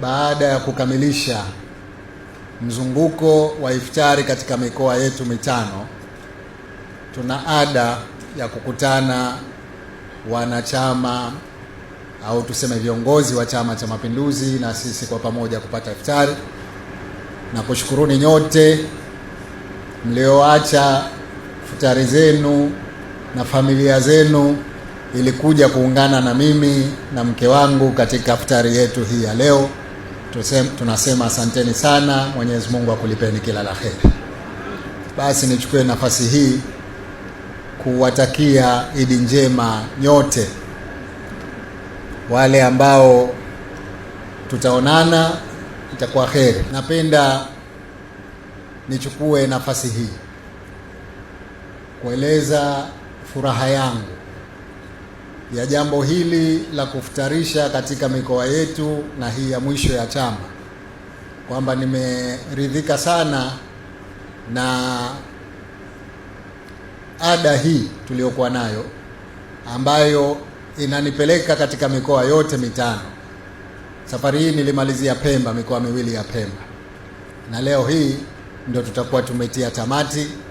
Baada ya kukamilisha mzunguko wa iftari katika mikoa yetu mitano, tuna ada ya kukutana wanachama au tuseme viongozi wa Chama cha Mapinduzi na sisi kwa pamoja kupata iftari na kushukuruni nyote mlioacha futari zenu na familia zenu ili kuja kuungana na mimi na mke wangu katika futari yetu hii ya leo. Tusema, tunasema asanteni sana, Mwenyezi Mungu akulipeni kila la heri. Basi nichukue nafasi hii kuwatakia Idi njema nyote wale ambao tutaonana itakuwa heri. Napenda nichukue nafasi hii kueleza furaha yangu ya jambo hili la kufutarisha katika mikoa yetu na hii ya mwisho ya chama, kwamba nimeridhika sana na ada hii tuliyokuwa nayo ambayo inanipeleka katika mikoa yote mitano. Safari hii nilimalizia Pemba, mikoa miwili ya Pemba, na leo hii ndio tutakuwa tumetia tamati.